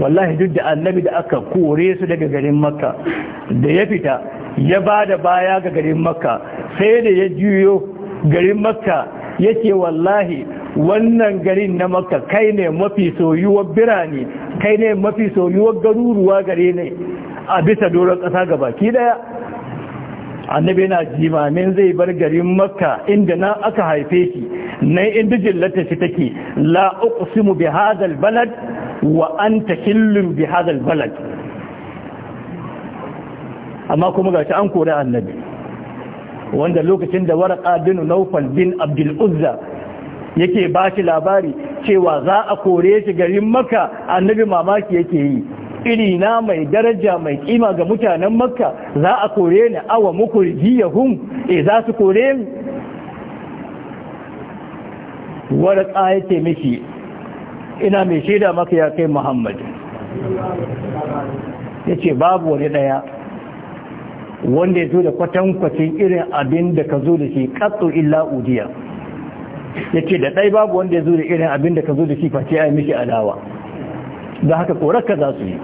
wallahi duk da annabi da aka kore su daga garin makka da ya fita ya ba da baya ga garin makka sai da ya juyo garin makka yake wallahi wannan garin na maka kai ne mafi soyuwar birane kai ne mafi soyuwar garuruwa gare ne a bisa doron ƙasa ga baki daya annabi yana jimamin zai bar garin makka inda na aka haife shi na inda jillata shi take la uqsimu bi hadal balad wa anta hillun bi hadal balad amma kuma gashi an kore annabi wanda lokacin da waraka bin naufal bin abdul uzza yake ba shi labari cewa za a kore shi garin makka annabi mamaki yake yi iri na mai daraja mai kima ga mutanen makka za a kore ni awa muku yahum e eh, za su kore ni waraka yake miki ina mai shaida maka ya kai muhammad yace babu wani daya wanda ya zo da kwatankwacin irin abin da ka zo da shi katso illa udiya ya ce da ɗai babu wanda ya zo da irin abin da ka zo da shi face ya yi mishi alawa da haka korarka za su yi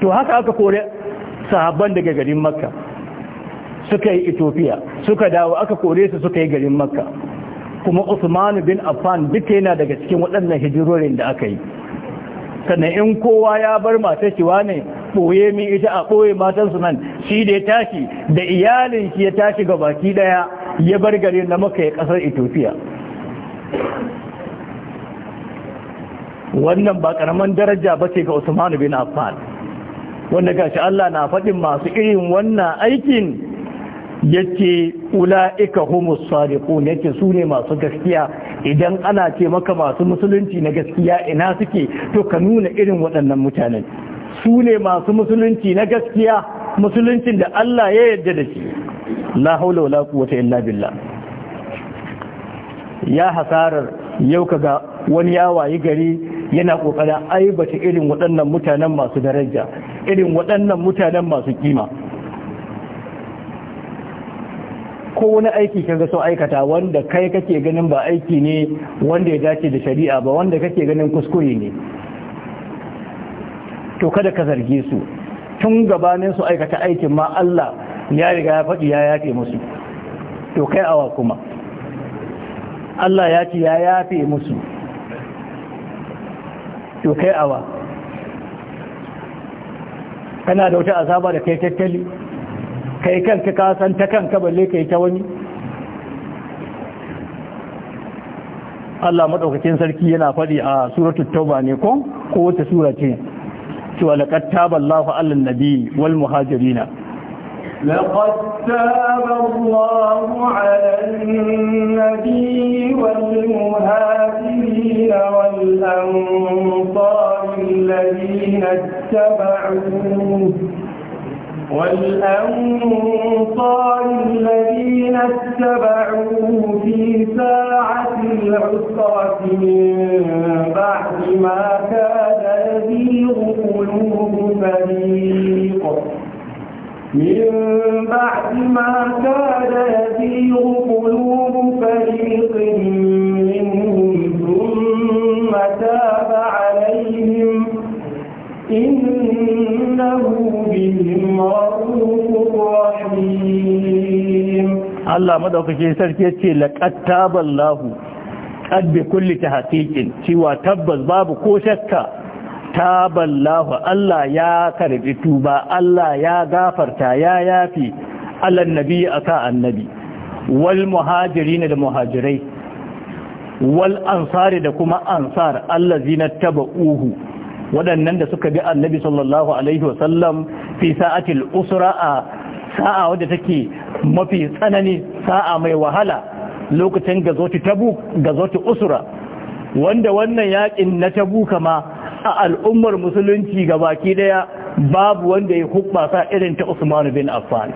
to haka aka kore sahabban daga garin makka suka yi ethiopia suka dawo aka kore su suka yi garin makka kuma usman bin affan duka yana daga cikin waɗannan hijirorin da aka yi sannan in kowa ya bar matashiwa ne ɓoye min ita a ɓoye matansu nan shi da ya tashi da iyalin shi ya tashi ga baki ɗaya ya bar gari na maka ya ƙasar ethiopia wannan ba ƙaramin daraja ba ce ga usman bin affan wanda gashi allah na faɗin masu irin wannan aikin ya yake ula'ika humus sadiqun ce su ne masu gaskiya idan ana ce maka masu musulunci na gaskiya ina suke to ka nuna irin waɗannan mutanen su ne masu musulunci na gaskiya musuluncin da Allah ya yarda da shi la haula wala quwwata illa billah ya hasarar yau kaga wani ya wayi gari yana kokarin aibata irin waɗannan mutanen masu daraja irin waɗannan mutanen masu kima ko wani aiki kaga so aikata wanda kai kake ganin ba aiki ne wanda ya dace da shari'a ba wanda kake ganin kuskure ne to kada ka zarge su tun gabanin su aikata aikin ma Allah ya riga ya faɗi ya yafe musu to kai awa kuma Allah ya ce ya yafe musu to kai awa kana da wata azaba da kai tattali kai kanka ka san ta kanka balle kai ta wani Allah madaukakin sarki yana faɗi a suratul tauba ne ko ko wata sura ce cewa laqad taballahu alal nabi wal muhajirina لقد
تاب الله على النبي والمهاجرين والأنصار الذين اتبعوه والأنصار الذين اتبعوه في ساعة العسرة من بعد ما كاد يزيغ قلوب فريق من بعد ما كاد يزيغ قلوب فريق
Allah madaukake sarki yace laqattaballahu qad bi kulli tahqiqin cewa tabbas babu ko shakka taballahu Allah ya karbi tuba Allah ya gafarta ya yafi alan nabi aka annabi wal muhajirin da muhajirai wal ansari da kuma ansar allazina uhu. waɗannan da suka bi annabi sallallahu alaihi wasallam fi sa'atil usra a sa'a wadda take mafi tsanani sa'a mai wahala lokacin gazoti tabu gazoti usra wanda wannan yakin na tabu kama a al'ummar musulunci ga baki daya babu wanda ya sa irin ta Usman bin Affan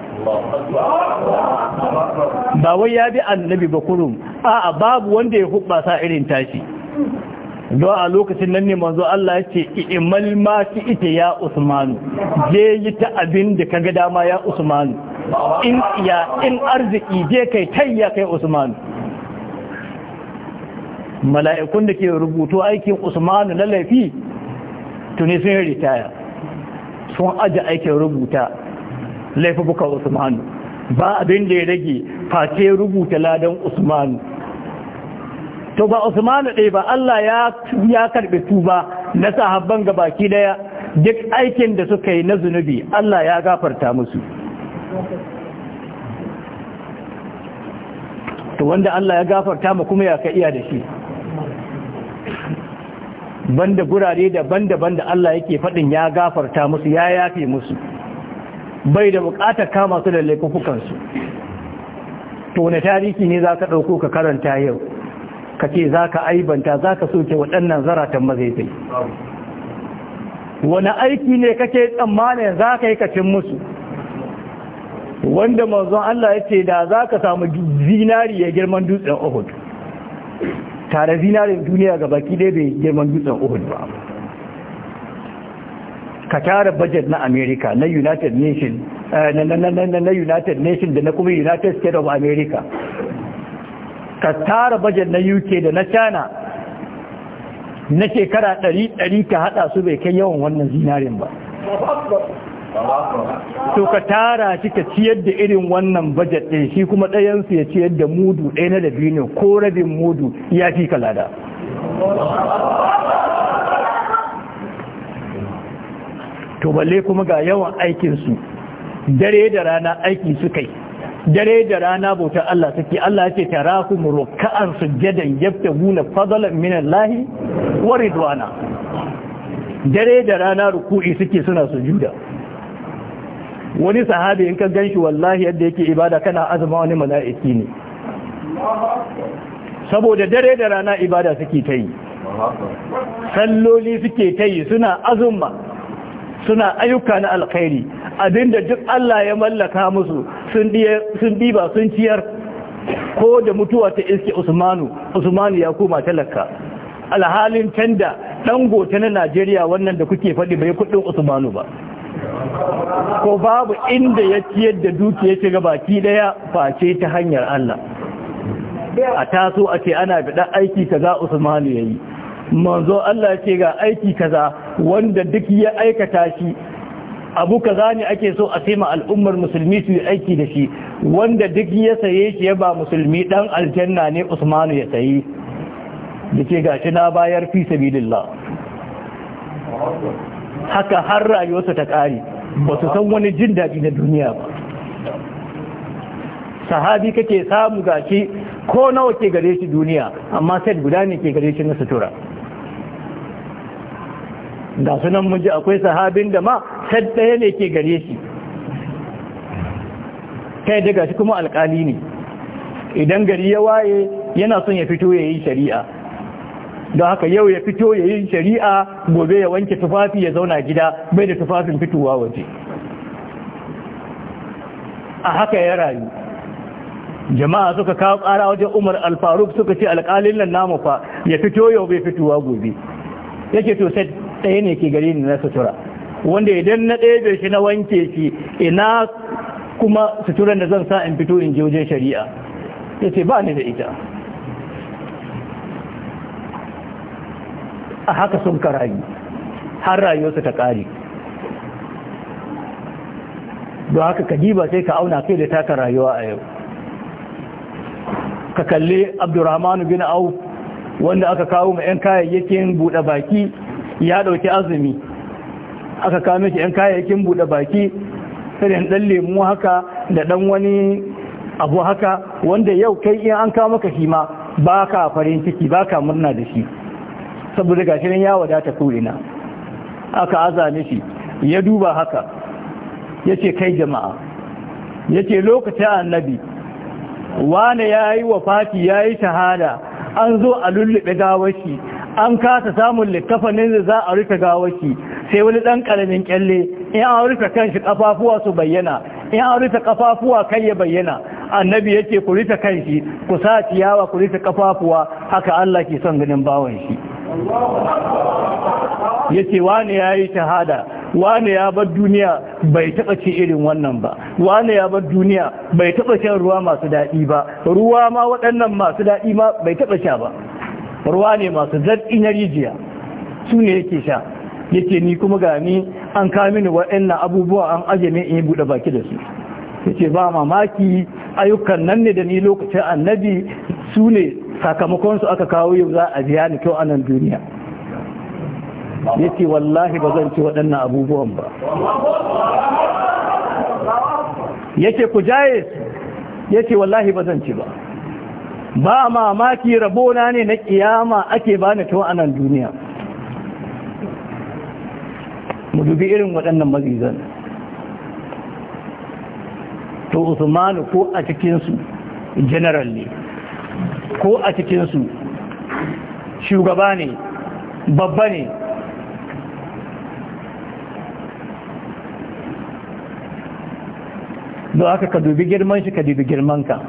ba wai ya bi annabi ba a a'a babu wanda ya sa irin tashi don a lokacin nan ne manzo Allah ya ce imal ma ki ita ya Usmanu je yi ta abin da kaga dama ya Usmanu in ya in arziki je kai tayya kai Usmanu mala'ikun da ke rubutu aikin Usmanu na laifi tuni sun ritaya sun aje aikin rubuta buka usman ba abin da ya rage face rubuta ladan usman to ba Usman ɗaya ba Allah ya ya karbe tuba na sahabban baki daya duk aikin da suka yi na zunubi Allah ya gafarta musu to wanda Allah ya gafarta mu kuma ya ka iya da shi banda gurare daban-daban da Allah yake faɗin ya gafarta musu ya yafe musu bai da bukatar kama su da laifukansu to wani tarihi ne za ka ɗauko ka karanta yau ka ce za ka aibanta za ka soke waɗannan zaratan mazaifai wani aiki ne kake tsammanin za ka yi kacin musu wanda manzon Allah ya ce da za ka samu zinari ya girman dutsen Uhud tare zinarin duniya ga baki ɗaya bai girman dutsen Uhud ba ka tara budget na America na United Nation eh, da na kuma United States of America ka tara bajet na UK da na China na shekara ɗari ka haɗa su bai kai yawan wannan zinarin ba
to ka tara
shi ka ciyar da irin wannan bajet ɗin shi kuma su ya ciyar da mudu ɗaya na ne ko rabin mudu ya fi ka lada to balle kuma ga yawan aikinsu dare da rana aiki su kai dare da rana bautar Allah take Allah yake tarahum ruk'an yafta yabtaguna fadlan min Allah wa ridwana dare da rana ruku'i suke suna sujuda wani sahabi in ka ganshi wallahi yadda yake ibada kana azuma wani mala'iki ne saboda dare da rana ibada suke ta yi salloli suke ta yi suna azuma. suna ayyuka na alkhairi abinda duk Allah ya mallaka musu sun ɗiba sun ciyar ko da mutuwa ta iske usmanu usmanu ya koma talaka alhalin canda dangote na najeriya wannan da kuke faɗi bai kudin usmanu ba ko babu inda ya ciyar da dukiya shiga baki daya face ta hanyar Allah a taso a ce ana biɗa aiki kaza usmanu ya yi manzo Allah ce ga aiki kaza wanda duk ya aikata shi abu kaza ne ake so a ma al'ummar musulmi su yi aiki da shi wanda duk ya saye shi ya ba musulmi dan aljanna ne usmanu ya sayi da ce gashi na bayar fi sabilillah haka har rayuwarsa ta kare ba su san wani jin daɗi na duniya ba sahabi kake samu gashi ko nawa ke gare shi duniya amma sai guda ne ke gare shi na sutura ga sunan mun ji akwai sahabin da ma sai ɗaya ne ke gare shi kai daga shi kuma alƙali ne idan gari ya waye yana son ya fito ya shari'a don haka yau ya fito ya shari'a gobe ya wanke tufafi ya zauna gida bai da tufafin fitowa waje a haka ya rayu jama'a suka kawo ƙara wajen umar alfaruk suka ce alƙalin nan namu fa ya fito yau bai fitowa gobe yake to sai ɗaya ne ke gare ni na sutura wanda idan na ɗaya shi na wanke shi ina kuma suturan da zan sa in fito in je wajen shari'a ya ce ba ni da ita a haka sun karayi har rayuwarsa ta ƙari don haka ka diba sai ka auna kai da taka rayuwa a yau ka kalli abdurrahmanu bin auf wanda aka kawo ma 'yan kayayyakin buɗe baki ya ɗauki azumi aka kame shi 'yan kayayyakin buɗe baki irin ɗan lemu haka da ɗan wani abu haka wanda yau kai in an kama ka shi ma baka farin ciki ba murna da shi saboda gashi ya wadata ina, aka azame shi ya duba haka ya kai jama'a yace lokacin annabi wane yayi yi wa fati ya shahada an zo a lullube gawar shi. an kasa samun littafanin da za a rufe gawaki sai wani ɗan ƙaramin ƙyalle, in an rufe kanshi ƙafafuwa su bayyana in an rufe ƙafafuwa kai ya bayyana annabi yake ku rufe kanshi ku sa ciyawa ku rufe ƙafafuwa, haka Allah ke son ganin bawan shi yace wani yayi shahada Wani ya bar duniya bai taɓa ci irin wannan ba Wani ya bar duniya bai taɓa shan ruwa masu dadi ba ruwa ma waɗannan masu dadi ma bai taɓa sha ba ruwa ne masu zarɗi na rijiya su ne yake sha yake ni kuma ga ni an kamini waɗannan abubuwa an ajiye ne in yi buɗe baki da su yace ba mamaki ayyukan nan ne da ni lokacin annabi su ne sakamakon su aka kawo yau za a biya ni kyau anan nan duniya yake wallahi ba zan ci waɗannan abubuwan ba yace ku jaye yake wallahi ba zan ci ba ba mamaki rabona ne na kiyama ake bani tun anan duniya mu dubi irin waɗannan mazizan to usmanu ko a cikinsu general ne ko a cikinsu shugaba ne babba ne don aka ka dubi girman shi ka dubi girmanka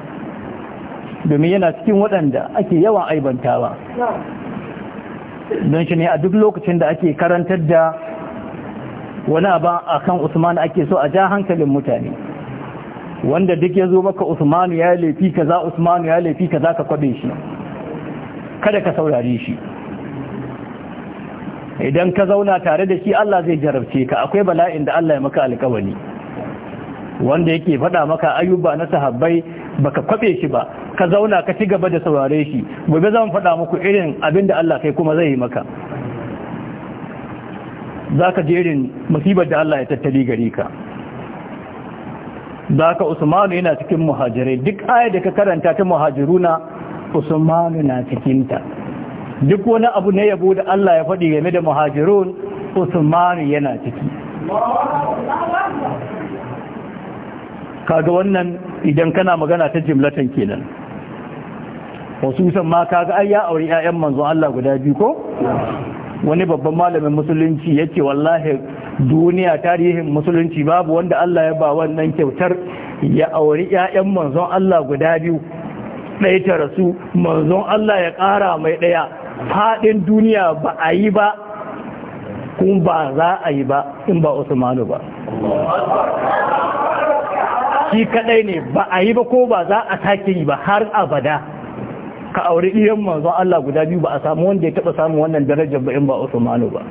domin yana cikin waɗanda ake yawan aibantawa don shi ne a duk lokacin da ake karantar da wani ba a kan usman ake so a ja hankalin mutane wanda duk ya zo maka usmanu ya laifi ka za usmanu ya laifi ka za ka kwabe shi kada ka saurari shi idan ka zauna tare da shi Allah zai jarabce ka akwai bala'in da Allah ya maka alkawari wanda yake faɗa maka ayyuba na sahabbai baka kwabe shi ba ka zauna ka ci gaba da saurare shi gobe zan faɗa muku irin abin da Allah kai kuma zai yi maka za ka jerin musibar da Allah ya tattali gari ka za ka usmanu yana cikin muhajirai duk aya da ka karanta ta muhajiruna usmanu na cikinta duk wani abu ne yabo da Allah ya faɗi game da muhajirun usmanu yana ciki kaga wannan idan kana magana ta jimlatan kenan hususan ma kaga ai ya auri 'ya'yan manzon Allah guda biyu ko wani babban malamin musulunci yake wallahi duniya tarihin musulunci babu wanda Allah ya ba wannan kyautar ya auri 'ya'yan manzo Allah guda biyu ɗaya ta rasu manzon Allah ya ƙara mai ɗaya faɗin duniya ba a yi ba kuma ba za a yi ba in ba Usmanu ba shi kadai ne ba a yi ba ko ba za a sake yi ba har abada ka aure iyan manzo Allah guda biyu ba a samu wanda ya taba samun wannan darajar ba in ba Usmanu ba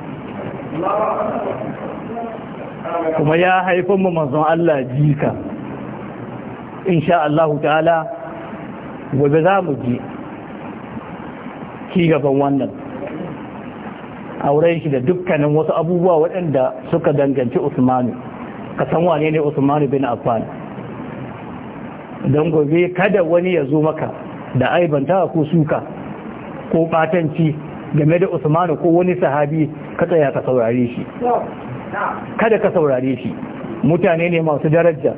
kuma ya haifin mu manzo Allah jika insha Allah ta'ala gobe za mu ji ki gaban wannan auren shi da dukkanin wasu abubuwa waɗanda suka danganci Usmanu ka san wane ne Usmanu bin Affan don gobe kada wani ya zo maka da aibanta ko suka ko batanci game da Usmanu ko wani sahabi ka tsaya ka saurare shi kada ka saurare shi mutane ne masu daraja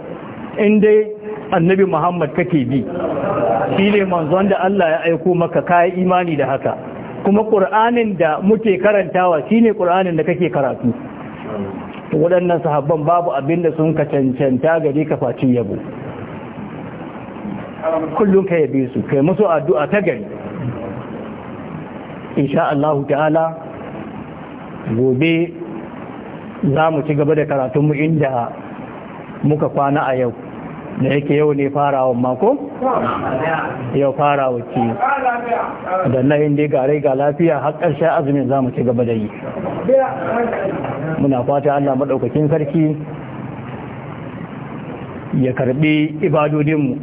in dai annabi Muhammad kake bi shi ne manzon da Allah ya aiko maka kayan imani da haka kuma ƙur'anin da muke karantawa shine ƙur'anin da kake karatu waɗannan sahabban babu abin da sun ka cancanta gare ka yabo kullum ka yabe su kai musu addu'a ta gari insha Allah ta'ala gobe za mu ci gaba da karatun karatunmu inda muka kwana a yau da yake yau ne farawon mako? yau farawa ce da na yin dai gare ga lafiya har ƙarshen azumin za mu ci gaba da yi muna fata Allah maɗaukakin sarki ya karɓi ibadodinmu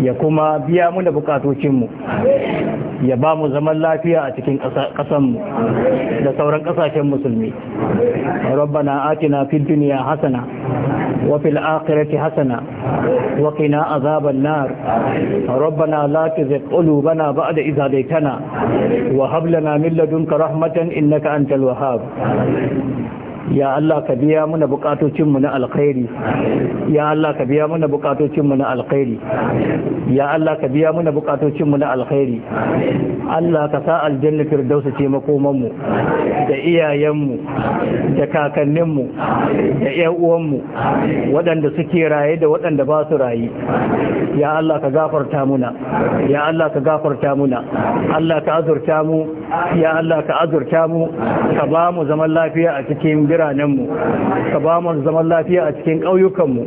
ya kuma biya muna bukatocinmu ya ba mu zaman lafiya a cikin ƙasanmu da sauran ƙasashen musulmi rabbana atina fid duniya hasana wa fil akhirati hasana wa qina azaban nar rabbana la tuzigh qulubana ba'da idh hadaytana wa hab lana min ladunka rahmatan innaka antal Wahab. ya Allah ka biya muna bukatocinmu na alkhairi ya Allah ka biya muna bukatocinmu na alkhairi ya Allah ka biya muna bukatocinmu na alkhairi Allah ka sa aljanna firdausa ce makomanmu da iyayenmu da kakanninmu da ƴan uwanmu waɗanda suke raye da waɗanda ba su raye ya Allah ka gafarta muna ya Allah ka gafarta muna Allah ka azurta mu ya Allah ka azurta mu ka ba mu zaman lafiya a cikin biranenmu ka ba mu zaman lafiya a cikin ƙauyukanmu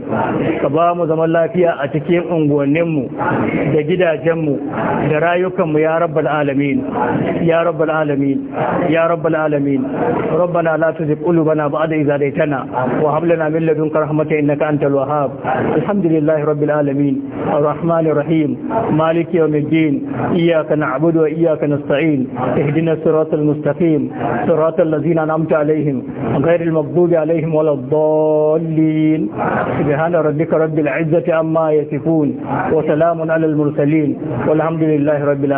ka ba mu zaman lafiya a cikin unguwanninmu da gidajenmu da rayukanmu ya rabbal alamin ya rabbal alamin ya rabbal alamin rabbana la tuzigh qulubana ba'da idh hadaytana wa hab lana min ladunka rahmatan innaka antal wahhab alhamdulillahi rabbil alamin arrahmanir rahim maliki yawmiddin iyyaka na'budu wa iyyaka nasta'in ihdinas siratal mustaqim siratal ladzina an'amta alaihim غير غير المغضوب عليهم ولا الضالين سبحان ربك رب العزة عما يصفون وسلام على المرسلين
والحمد لله رب العالمين